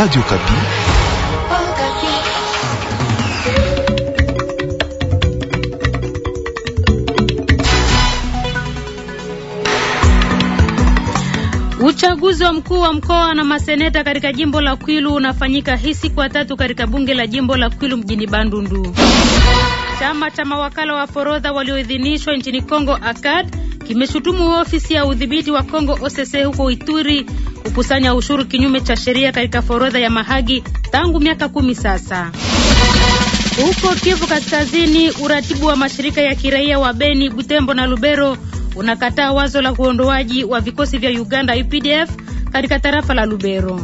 Radio Kapi. Uchaguzi wa mkuu wa mkoa na maseneta katika jimbo la Kwilu unafanyika hii siku ya tatu katika bunge la jimbo la Kwilu mjini Bandundu. Chama cha mawakala wa forodha walioidhinishwa nchini Kongo, ACAD, kimeshutumu ofisi ya udhibiti wa Kongo OCC huko Ituri kukusanya ushuru kinyume cha sheria katika forodha ya Mahagi tangu miaka kumi sasa. Huko Kivu Kaskazini, uratibu wa mashirika ya kiraia wa Beni, Butembo na Lubero unakataa wazo la uondoaji wa vikosi vya Uganda UPDF katika tarafa la Lubero.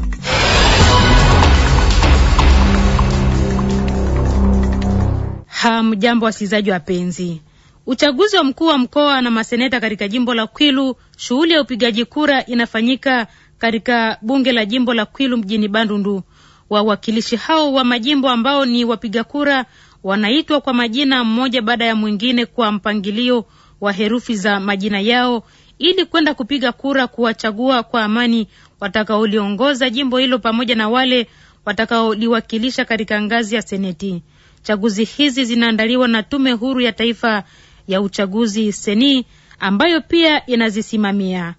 Hamjambo wasikilizaji wapenzi. Uchaguzi wa mkuu wa mkoa na maseneta katika jimbo la Kwilu, shughuli ya upigaji kura inafanyika katika bunge la jimbo la Kwilu mjini Bandundu. Wawakilishi hao wa majimbo ambao ni wapiga kura wanaitwa kwa majina mmoja baada ya mwingine kwa mpangilio wa herufi za majina yao ili kwenda kupiga kura kuwachagua kwa amani watakaoliongoza jimbo hilo pamoja na wale watakaoliwakilisha katika ngazi ya seneti. Chaguzi hizi zinaandaliwa na Tume Huru ya Taifa ya Uchaguzi, Seni, ambayo pia inazisimamia.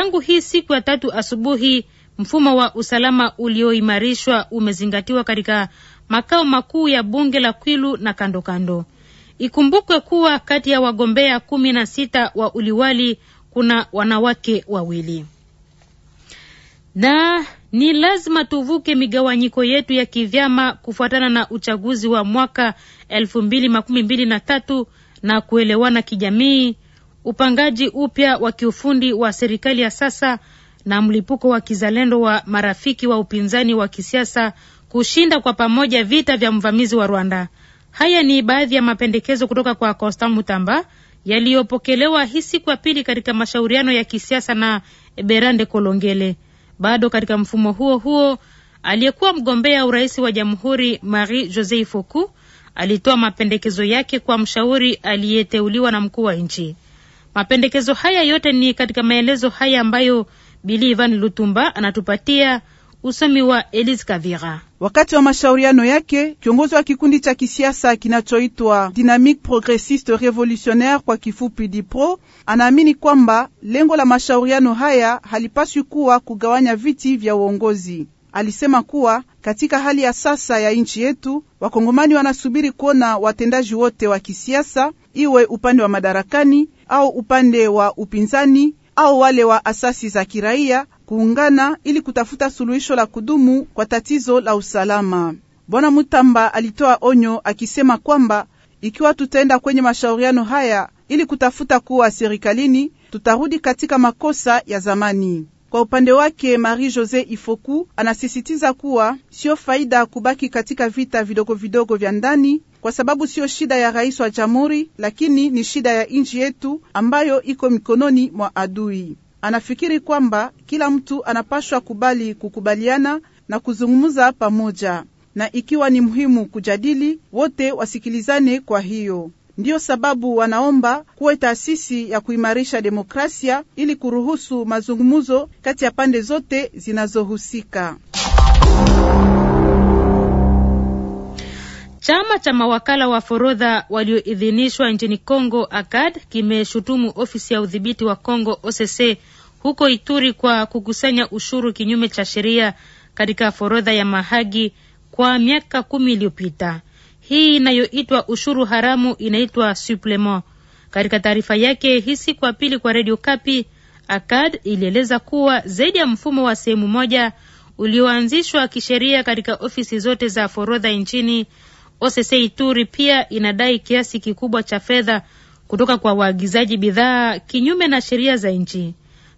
Tangu hii siku ya tatu asubuhi, mfumo wa usalama ulioimarishwa umezingatiwa katika makao makuu ya bunge la Kwilu na kando kando. Ikumbukwe kuwa kati ya wagombea kumi na sita wa uliwali kuna wanawake wawili. Na ni lazima tuvuke migawanyiko yetu ya kivyama kufuatana na uchaguzi wa mwaka elfu mbili makumi mbili na tatu na kuelewana kijamii upangaji upya wa kiufundi wa serikali ya sasa na mlipuko wa kizalendo wa marafiki wa upinzani wa kisiasa kushinda kwa pamoja vita vya mvamizi wa Rwanda. Haya ni baadhi ya mapendekezo kutoka kwa costa Mutamba yaliyopokelewa hii siku ya pili katika mashauriano ya kisiasa na Berande Kolongele. Bado katika mfumo huo huo, aliyekuwa mgombea urais wa jamhuri Marie jose Foku alitoa mapendekezo yake kwa mshauri aliyeteuliwa na mkuu wa nchi. Mapendekezo haya yote ni katika maelezo haya ambayo Bili Ivan Lutumba anatupatia. Usomi wa Elise Kavira. Wakati wa mashauriano yake, kiongozi wa kikundi cha kisiasa kinachoitwa Dynamique Progressiste Revolutionnaire kwa kifupi DIPRO, anaamini kwamba lengo la mashauriano haya halipaswi kuwa kugawanya viti vya uongozi alisema kuwa katika hali ya sasa ya nchi yetu wakongomani wanasubiri kuona watendaji wote wa kisiasa, iwe upande wa madarakani au upande wa upinzani au wale wa asasi za kiraia kuungana ili kutafuta suluhisho la kudumu kwa tatizo la usalama. Bwana Mutamba alitoa onyo akisema kwamba ikiwa tutaenda kwenye mashauriano haya ili kutafuta kuwa serikalini, tutarudi katika makosa ya zamani. Kwa upande wake Marie Jose Ifoku anasisitiza kuwa sio faida kubaki katika vita vidogo vidogo vya ndani, kwa sababu sio shida ya rais wa jamhuri, lakini ni shida ya nchi yetu ambayo iko mikononi mwa adui. Anafikiri kwamba kila mtu anapashwa kubali kukubaliana na kuzungumza pamoja, na ikiwa ni muhimu kujadili, wote wasikilizane. Kwa hiyo Ndiyo sababu wanaomba kuwe taasisi ya kuimarisha demokrasia ili kuruhusu mazungumzo kati ya pande zote zinazohusika. Chama cha mawakala wa forodha walioidhinishwa nchini congo ACAD kimeshutumu ofisi ya udhibiti wa congo OCC huko Ituri kwa kukusanya ushuru kinyume cha sheria katika forodha ya mahagi kwa miaka kumi iliyopita. Hii inayoitwa ushuru haramu inaitwa suplement. Katika taarifa yake hii siku ya pili kwa Radio Kapi, ACAD ilieleza kuwa zaidi ya mfumo wa sehemu moja ulioanzishwa kisheria katika ofisi zote za forodha nchini, OCC Ituri pia inadai kiasi kikubwa cha fedha kutoka kwa waagizaji bidhaa kinyume na sheria za nchi.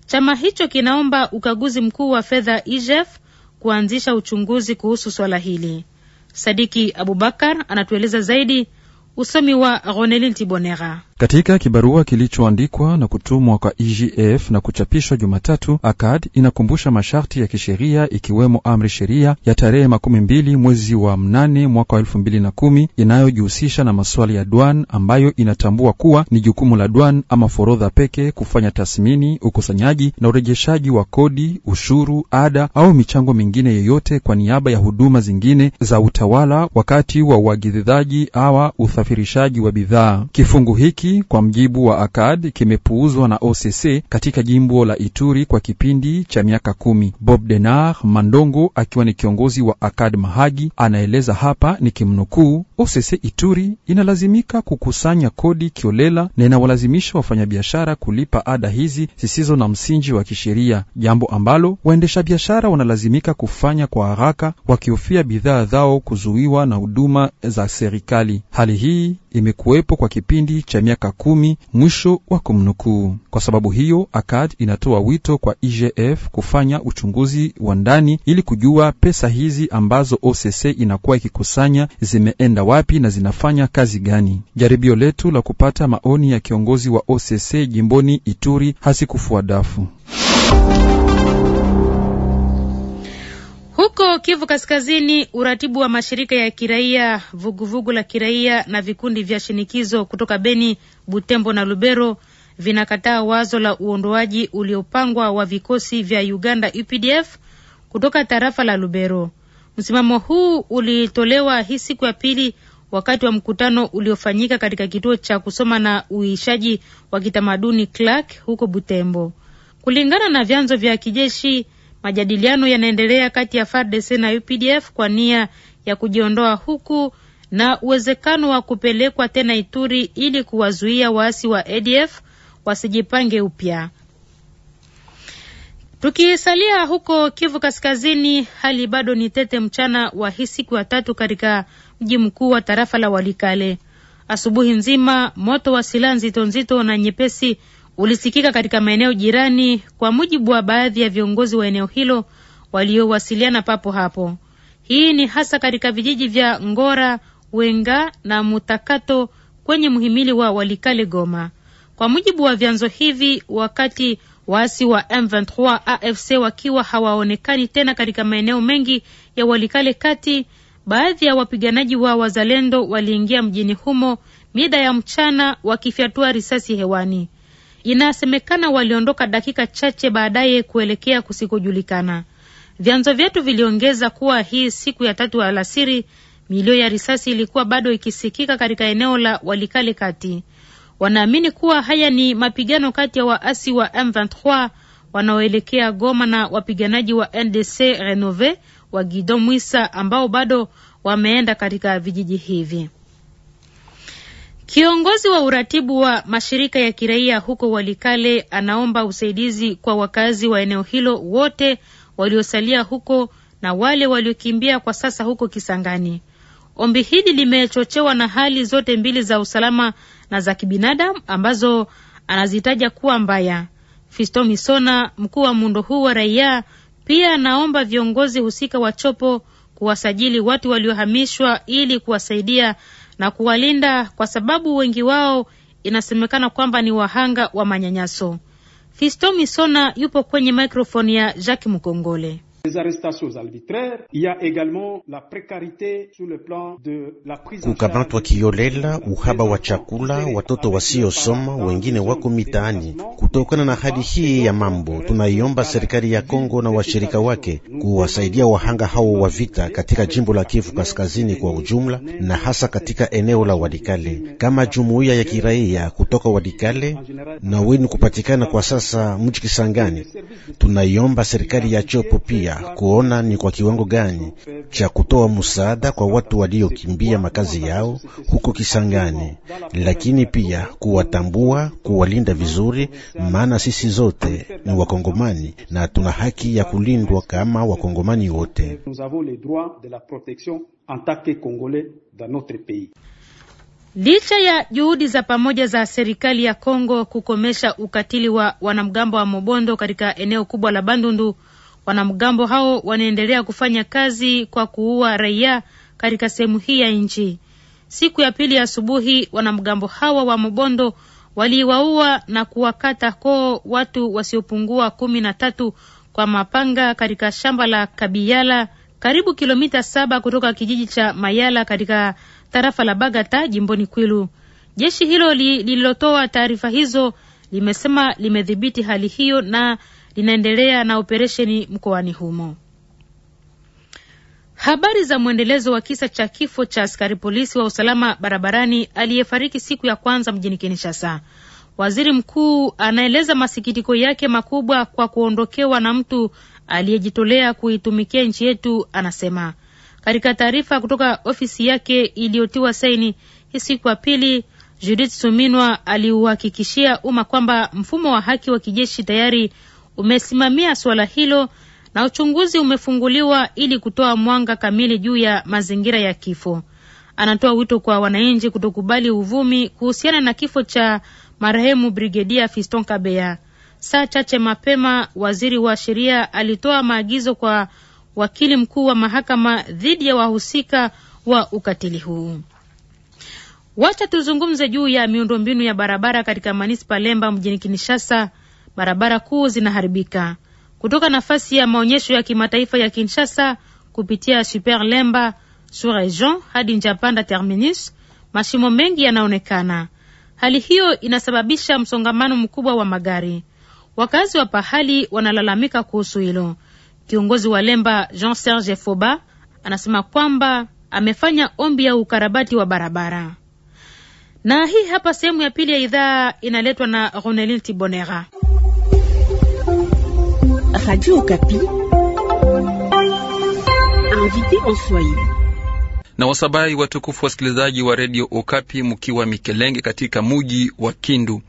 Chama hicho kinaomba ukaguzi mkuu wa fedha IGF e kuanzisha uchunguzi kuhusu swala hili. Sadiki Abubakar anatueleza zaidi, usomi wa Ronelin Tibonera. Katika kibarua kilichoandikwa na kutumwa kwa IGF e na kuchapishwa Jumatatu, akad inakumbusha masharti ya kisheria ikiwemo amri sheria ya tarehe makumi mbili mwezi wa mnane mwaka wa elfu mbili na kumi inayojihusisha na masuala ya dwan ambayo inatambua kuwa ni jukumu la dwan ama forodha pekee kufanya tathmini, ukusanyaji na urejeshaji wa kodi, ushuru, ada au michango mingine yoyote kwa niaba ya huduma zingine za utawala wakati wa uagizaji au usafirishaji wa bidhaa. Kifungu hiki hiki kwa mjibu wa ACAD kimepuuzwa na OCC katika jimbo la Ituri kwa kipindi cha miaka kumi. Bob Denard Mandongo akiwa ni kiongozi wa ACAD Mahagi anaeleza hapa nikimnukuu: OCC Ituri inalazimika kukusanya kodi kiolela na inawalazimisha wafanyabiashara kulipa ada hizi zisizo na msingi wa kisheria, jambo ambalo waendesha biashara wanalazimika kufanya kwa haraka wakihofia bidhaa zao kuzuiwa na huduma za serikali. Hali hii imekuwepo kwa kipindi cha miaka kumi, mwisho wa kumnukuu. Kwa sababu hiyo, akad inatoa wito kwa IGF kufanya uchunguzi wa ndani ili kujua pesa hizi ambazo OCC inakuwa ikikusanya zimeenda wapi na zinafanya kazi gani. Jaribio letu la kupata maoni ya kiongozi wa OCC jimboni Ituri hasikufua dafu. Huko Kivu Kaskazini, uratibu wa mashirika ya kiraia, vuguvugu la kiraia na vikundi vya shinikizo kutoka Beni, Butembo na Lubero vinakataa wazo la uondoaji uliopangwa wa vikosi vya Uganda UPDF kutoka tarafa la Lubero. Msimamo huu ulitolewa hii siku ya pili wakati wa mkutano uliofanyika katika kituo cha kusoma na uishaji wa kitamaduni Clark huko Butembo. Kulingana na vyanzo vya kijeshi Majadiliano yanaendelea kati ya FARDC na UPDF kwa nia ya kujiondoa huku na uwezekano wa kupelekwa tena Ituri ili kuwazuia waasi wa ADF wasijipange upya. Tukisalia huko Kivu Kaskazini, hali bado ni tete mchana wa hii siku ya tatu katika mji mkuu wa tarafa la Walikale. Asubuhi nzima moto wa silaha nzito nzito na nyepesi ulisikika katika maeneo jirani, kwa mujibu wa baadhi ya viongozi wa eneo hilo waliowasiliana papo hapo. Hii ni hasa katika vijiji vya Ngora, Wenga na Mutakato kwenye mhimili wa Walikale Goma. Kwa mujibu wa vyanzo hivi, wakati waasi wa M23 AFC wakiwa hawaonekani tena katika maeneo mengi ya Walikale Kati, baadhi ya wapiganaji wa wazalendo waliingia mjini humo mida ya mchana wakifyatua risasi hewani. Inasemekana waliondoka dakika chache baadaye kuelekea kusikojulikana. Vyanzo vyetu viliongeza kuwa hii siku ya tatu alasiri, milio ya risasi ilikuwa bado ikisikika katika eneo la Walikale kati. Wanaamini kuwa haya ni mapigano kati ya waasi wa M23 wanaoelekea Goma na wapiganaji wa NDC Renove wa Gido Mwisa ambao bado wameenda katika vijiji hivi. Kiongozi wa uratibu wa mashirika ya kiraia huko Walikale anaomba usaidizi kwa wakazi wa eneo hilo wote waliosalia huko na wale waliokimbia kwa sasa huko Kisangani. Ombi hili limechochewa na hali zote mbili za usalama na za kibinadamu ambazo anazitaja kuwa mbaya. Fisto Misona, mkuu wa muundo huu wa raia, pia anaomba viongozi husika wa Chopo kuwasajili watu waliohamishwa ili kuwasaidia na kuwalinda kwa sababu wengi wao inasemekana kwamba ni wahanga wa manyanyaso. Fisto Misona yupo kwenye mikrofoni ya Jacques Mkongole des arrestations arbitraires. Il y a également la précarité sur le plan de la prise kukamatwa kiolela, uhaba wa chakula, watoto wasiosoma, wengine wako mitaani. Kutokana na hali hii ya mambo, tunaiomba serikali ya Kongo na washirika wake kuwasaidia wahanga hao wa vita katika jimbo la Kivu Kaskazini kwa ujumla na hasa katika eneo la Walikale, kama jumuiya ya kiraia kutoka Walikale na wenu kupatikana kwa sasa mji Kisangani. Tunaiomba serikali ya Chopo pia kuona ni kwa kiwango gani cha kutoa msaada kwa watu waliokimbia makazi yao huko Kisangani, lakini pia kuwatambua, kuwalinda vizuri, maana sisi zote ni Wakongomani na tuna haki ya kulindwa kama Wakongomani wote. Licha ya juhudi za pamoja za serikali ya Kongo kukomesha ukatili wa wanamgambo wa Mobondo katika eneo kubwa la Bandundu, Wanamgambo hao wanaendelea kufanya kazi kwa kuua raia katika sehemu hii ya nchi. Siku ya pili asubuhi, wanamgambo hawa wa Mobondo waliwaua na kuwakata koo watu wasiopungua kumi na tatu kwa mapanga katika shamba la Kabiyala, karibu kilomita saba kutoka kijiji cha Mayala katika tarafa la Bagata jimboni Kwilu. Jeshi hilo lililotoa taarifa hizo limesema limedhibiti hali hiyo na linaendelea na operesheni mkoani humo. Habari za mwendelezo wa kisa cha kifo cha askari polisi wa usalama barabarani aliyefariki siku ya kwanza mjini Kinshasa. Waziri mkuu anaeleza masikitiko yake makubwa kwa kuondokewa na mtu aliyejitolea kuitumikia nchi yetu, anasema katika taarifa kutoka ofisi yake iliyotiwa saini hii siku ya pili. Judith Suminwa aliuhakikishia umma kwamba mfumo wa haki wa kijeshi tayari umesimamia suala hilo na uchunguzi umefunguliwa ili kutoa mwanga kamili juu ya mazingira ya kifo. Anatoa wito kwa wananchi kutokubali uvumi kuhusiana na kifo cha marehemu Brigedia Fiston Kabea. Saa chache mapema, waziri wa sheria alitoa maagizo kwa wakili mkuu wa mahakama dhidi ya wahusika wa ukatili huu. Wacha tuzungumze juu ya miundombinu ya barabara katika manispa Lemba mjini kinishasa barabara kuu zinaharibika. Kutoka nafasi ya maonyesho ya kimataifa ya Kinshasa kupitia Super Lemba Surejon hadi Njapanda Terminus, mashimo mengi yanaonekana. Hali hiyo inasababisha msongamano mkubwa wa magari. Wakazi wa pahali wanalalamika kuhusu hilo. Kiongozi wa Lemba Jean Serge Foba anasema kwamba amefanya ombi ya ukarabati wa barabara. Na hii hapa sehemu ya pili ya idhaa inaletwa na Ronelin Tibonera. Radio Okapi. Na wasabai watukufu wasikilizaji wa Radio Okapi, mkiwa Mikelenge katika muji wa Kindu.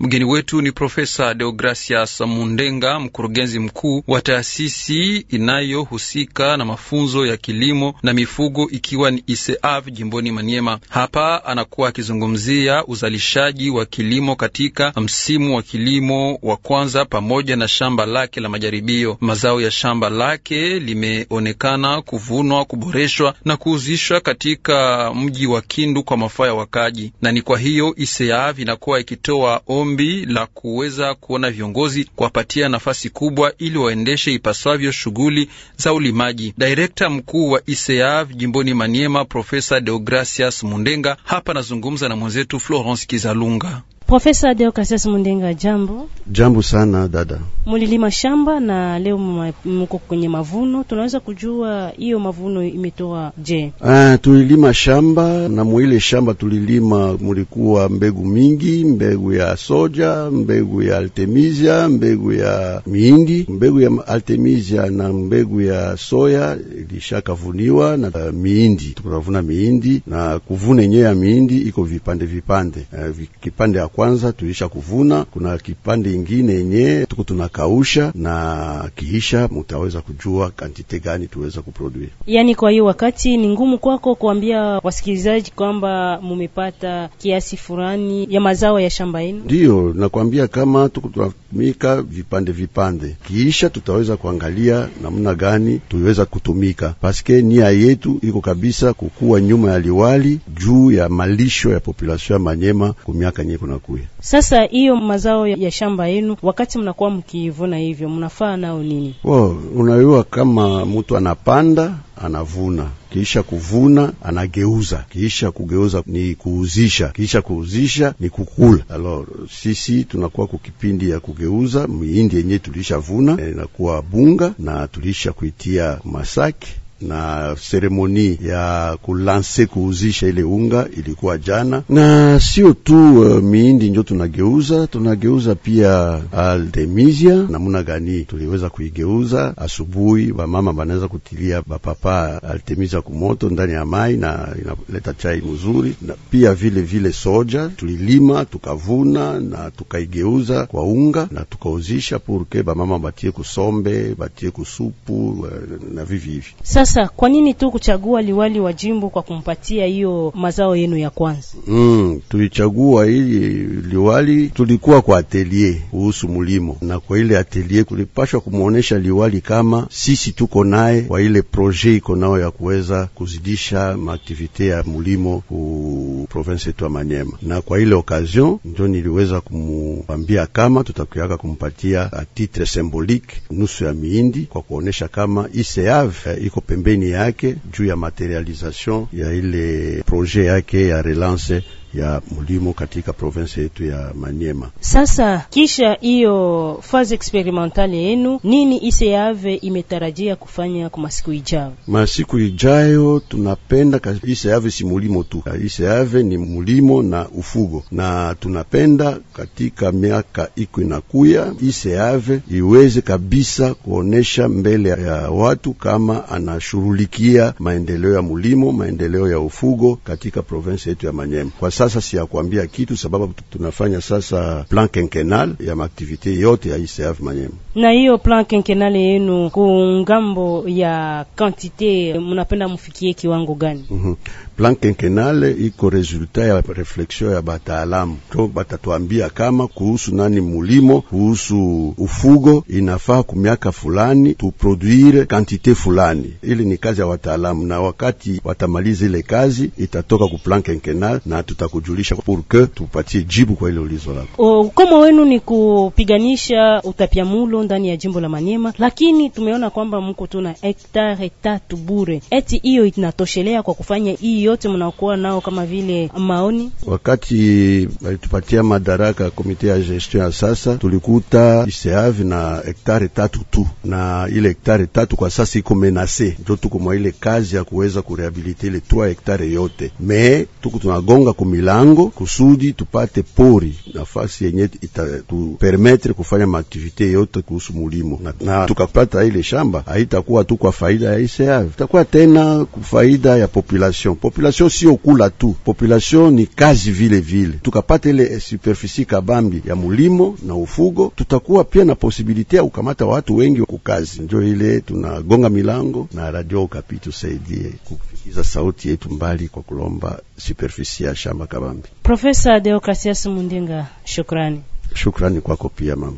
Mgeni wetu ni Profesa Deogracias Mundenga, mkurugenzi mkuu wa taasisi inayohusika na mafunzo ya kilimo na mifugo, ikiwa ni ISEAV jimboni Maniema. Hapa anakuwa akizungumzia uzalishaji wa kilimo katika msimu wa kilimo wa kwanza pamoja na shamba lake la majaribio. Mazao ya shamba lake limeonekana kuvunwa, kuboreshwa na kuuzishwa katika mji wa Kindu kwa mafaa ya wakaji, na ni kwa hiyo ISEAV inakuwa ikitoa ombi la kuweza kuona viongozi kuwapatia nafasi kubwa ili waendeshe ipasavyo shughuli za ulimaji. Direkta mkuu wa ISEAV jimboni Maniema, Profesa Deogracias Mundenga hapa anazungumza na mwenzetu Florence Kizalunga. Profesa Deo Kasias Mundenga, jambo. Jambo sana dada. Mulilima shamba na leo mko kwenye mavuno, tunaweza kujua hiyo mavuno imetoa je? Ah, tulilima shamba na mwile shamba tulilima, mulikuwa mbegu mingi, mbegu ya soja, mbegu ya altemisia, mbegu ya mihindi. Mbegu ya altemisia na mbegu ya soya ilishakavuniwa na uh, mihindi tukavuna mihindi na kuvuna yenyewe ya mihindi iko vipande vipande, uh, kipande ya kwanza tulisha kuvuna, kuna kipande ingine yenye tuko tunakausha, na kiisha mutaweza kujua kantite gani tuweza kuproduire. Yani, kwa hiyo wakati ni ngumu kwako kuambia wasikilizaji kwamba mumepata kiasi fulani ya mazao ya shamba yenu? Ndiyo, nakwambia kama tuko tunatumika vipande vipande, kiisha tutaweza kuangalia namna gani tuweza kutumika, paske nia yetu iko kabisa kukuwa nyuma ya liwali juu ya malisho ya populasion ya Manyema kumiaka miaka nyingi kuya. Sasa hiyo mazao ya shamba yenu, wakati mnakuwa mkiivuna hivyo, mnafaa nao nini? Oh, unayua kama mtu anapanda anavuna kisha kuvuna anageuza, kisha kugeuza ni kuuzisha, kisha kuuzisha ni kukula. Alors sisi tunakuwa kukipindi ya kugeuza mihindi yenye tulishavuna eh, inakuwa bunga na tulisha kuitia masaki na seremoni ya kulanse kuuzisha ile unga ilikuwa jana, na sio tu uh, miindi njo tunageuza, tunageuza pia uh, aldemisia. Namuna gani tuliweza kuigeuza? Asubuhi bamama banaweza kutilia bapapa altemisia kumoto ndani ya mai na inaleta chai mzuri, na pia vile vile soja tulilima tukavuna na tukaigeuza kwa unga na tukauzisha purke bamama batie kusombe batie kusupu uh, na vivi hivi. Sasa kwa nini tu kuchagua liwali wa jimbo kwa kumpatia hiyo mazao yenu ya kwanza? Mm, tulichagua ili liwali, tulikuwa kwa atelier kuhusu mulimo, na kwa ile atelier tulipashwa kumuonesha liwali kama sisi tuko naye kwa ile projet iko nayo ya kuweza kuzidisha maaktivite ya mulimo ku province yetu ya Manyema, na kwa ile occasion ndio niliweza kumwambia kama tutakuyaka kumpatia a titre symbolique nusu ya miindi kwa kuonesha kama iseave eh, iko pembeni yake y a materialization ya ile projet yake à relancer ya mlimo katika province yetu ya Maniema. Sasa kisha hiyo phase experimentale yenu, nini yave imetarajia kufanya kwa masiku ijayo? Masiku ijayo tunapenda iseave si mulimo tu, iseave ni mulimo na ufugo, na tunapenda katika miaka iko inakuya iseave iweze kabisa kuonesha mbele ya watu kama anashughulikia maendeleo ya mulimo, maendeleo ya ufugo katika provensa yetu ya Maniema kwa sasa si ya kuambia kitu sababu tunafanya sasa plan kenkenal ya maaktivite yote ya ICF e Manyema. Na hiyo plan kenkenal yenu kungambo ya kantite munapenda mufikie kiwango gani? mm -hmm plan kenkenale iko resulta ya refleksio ya bataalamu, to batatuambia kama kuhusu nani mulimo, kuhusu ufugo inafaa kumiaka fulani tuproduire kantite fulani. Ili ni kazi ya wataalamu, na wakati watamaliza ile kazi itatoka ku plan kenkenale na tutakujulisha pour que tupatie jibu kwa ile ulizo lako. Ukomo wenu ni kupiganisha utapiamulo ndani ya jimbo la Manyema, lakini tumeona kwamba mko na hektare tatu bure, eti hiyo inatoshelea kwa kufanya hiyo yote mnakuwa nao kama vile maoni? Wakati walitupatia madaraka ya komite ya gestion ya sasa, tulikuta iseave na hektare tatu tu, na ile hektare tatu kwa sasa iko menase, ndio tuko mwa ile kazi ya kuweza kurehabilite ile 3 hektare yote, me tuko tunagonga kumilango kusudi tupate pori nafasi yenye itatupermetre kufanya maaktivite yote kuhusu mulimo na, na tukapata ile shamba haitakuwa tu kwa faida ya iseavi, itakuwa tena kwa faida ya population population sio kula tu, population ni kazi vile vile. Tukapata ile superficie kabambi ya mulimo na ufugo, tutakuwa pia na posibilite ya kukamata watu wengi ku kazi Njo ile tunagonga milango na Radio Okapi tusaidie kufikiza sauti yetu mbali kwa kulomba superficie ya shamba kabambi. Profesa Deocassius Mundinga, shukrani. Shukrani kwako pia mama.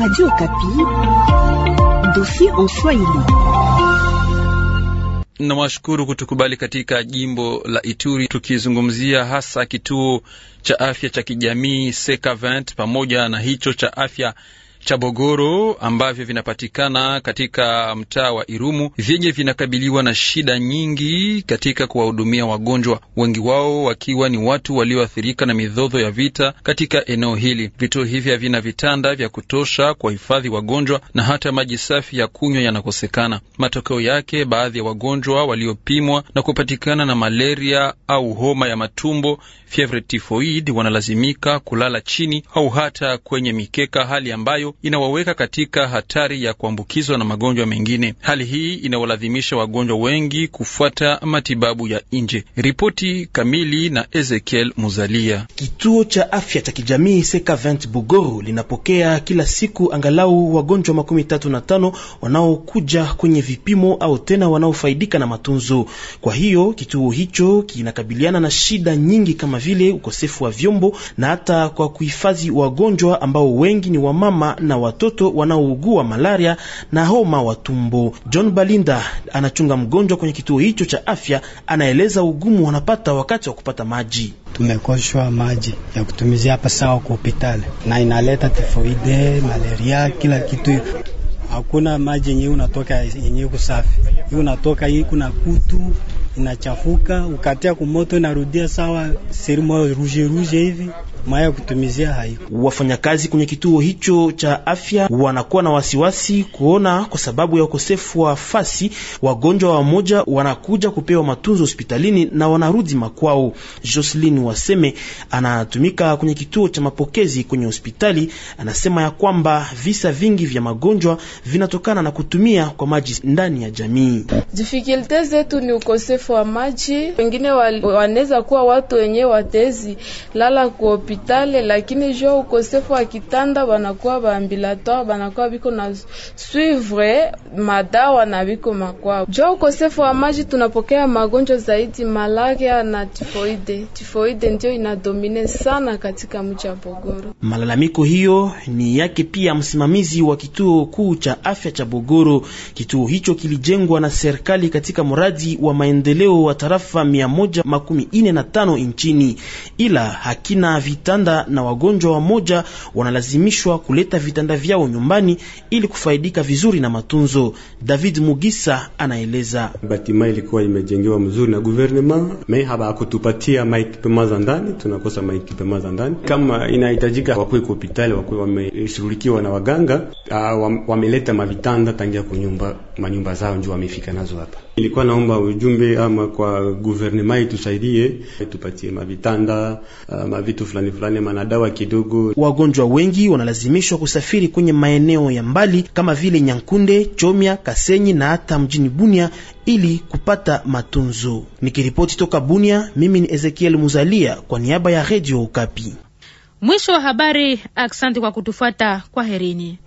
Radio Okapi, dossier en Swahili. Nawashukuru kutukubali katika jimbo la Ituri, tukizungumzia hasa kituo cha afya cha kijamii Sekavent pamoja na hicho cha afya Bogoro ambavyo vinapatikana katika mtaa wa Irumu vyenye vinakabiliwa na shida nyingi katika kuwahudumia wagonjwa, wengi wao wakiwa ni watu walioathirika na midhodho ya vita katika eneo hili. Vituo hivi havina vitanda vya kutosha kuwahifadhi wagonjwa na hata maji safi ya kunywa yanakosekana. Matokeo yake, baadhi ya wagonjwa waliopimwa na kupatikana na malaria au homa ya matumbo, fievre wanalazimika kulala chini au hata kwenye mikeka, hali ambayo inawaweka katika hatari ya kuambukizwa na magonjwa mengine. Hali hii inawalazimisha wagonjwa wengi kufuata matibabu ya nje. Ripoti kamili na Ezekiel Muzalia. Kituo cha afya cha kijamii Seka 20 Bugoro linapokea kila siku angalau wagonjwa makumi tatu na tano wanaokuja kwenye vipimo au tena wanaofaidika na matunzo. Kwa hiyo kituo hicho kinakabiliana na shida nyingi kama vile ukosefu wa vyombo na hata kwa kuhifadhi wagonjwa ambao wengi ni wamama na watoto wanaougua malaria na homa wa tumbo. John Balinda anachunga mgonjwa kwenye kituo hicho cha afya, anaeleza ugumu wanapata wakati wa kupata maji. Tumekoshwa maji ya kutumizia hapa sawa kwa hospitali, na inaleta tifoide, malaria, kila kitu hakuna maji yenyewe unatoka yenyewe kusafi, hiyo unatoka hii, kuna kutu inachafuka, ukatia kumoto inarudia sawa, serumo ruje ruje hivi maya kutumizia haiko. Wafanyakazi kwenye kituo hicho cha afya wanakuwa na wasiwasi kuona kwa sababu ya ukosefu wa fasi, wagonjwa wamoja wanakuja kupewa matunzo hospitalini na wanarudi makwao. Jocelyn Waseme anatumika kwenye kituo cha mapokezi kwenye hospitali, anasema ya kwamba visa vingi vya magonjwa vinatokana na kutumia kwa maji ndani ya jamii. Difikilte zetu ni ukosefu wa maji, wengine wanaweza kuwa watu wenyewe watezi lala kuopi hospitali, lakini jo ukosefu wa kitanda banakuwa baambilatoire banakuwa biko na suivre madawa na biko makwao. Jo ukosefu wa maji tunapokea magonjwa zaidi malaria na tifoide. Tifoide ndio inadomine sana katika mji wa Bogoro. Malalamiko hiyo ni yake pia msimamizi wa kituo kuu cha afya cha Bogoro. Kituo hicho kilijengwa na serikali katika mradi wa maendeleo wa tarafa 145 nchini, ila hakina vita vitanda na wagonjwa wamoja wanalazimishwa kuleta vitanda vyao nyumbani ili kufaidika vizuri na matunzo. David Mugisa anaeleza. Batima ilikuwa imejengewa mzuri na guvernema haba habakutupatia maekipema za ndani, tunakosa maekipema za ndani kama inahitajika. Wakuwe kwa hospitali wakuwe wameshughulikiwa na waganga, ah, wameleta mavitanda tangia kunyumba manyumba zao, ndio wamefika nazo hapa. Nilikuwa naomba ujumbe ama kwa guvernema itusaidie, tupatie mavitanda, ah, mavitu fulani fulani, manadawa kidogo. Wagonjwa wengi wanalazimishwa kusafiri kwenye maeneo ya mbali kama vile Nyankunde, Chomya, Kasenyi na hata mjini Bunia ili kupata matunzo. Nikiripoti toka Bunia, mimi ni Ezekiel Muzalia kwa niaba ya redio Ukapi. Mwisho wa habari. Asante kwa kutufuata, kwaherini.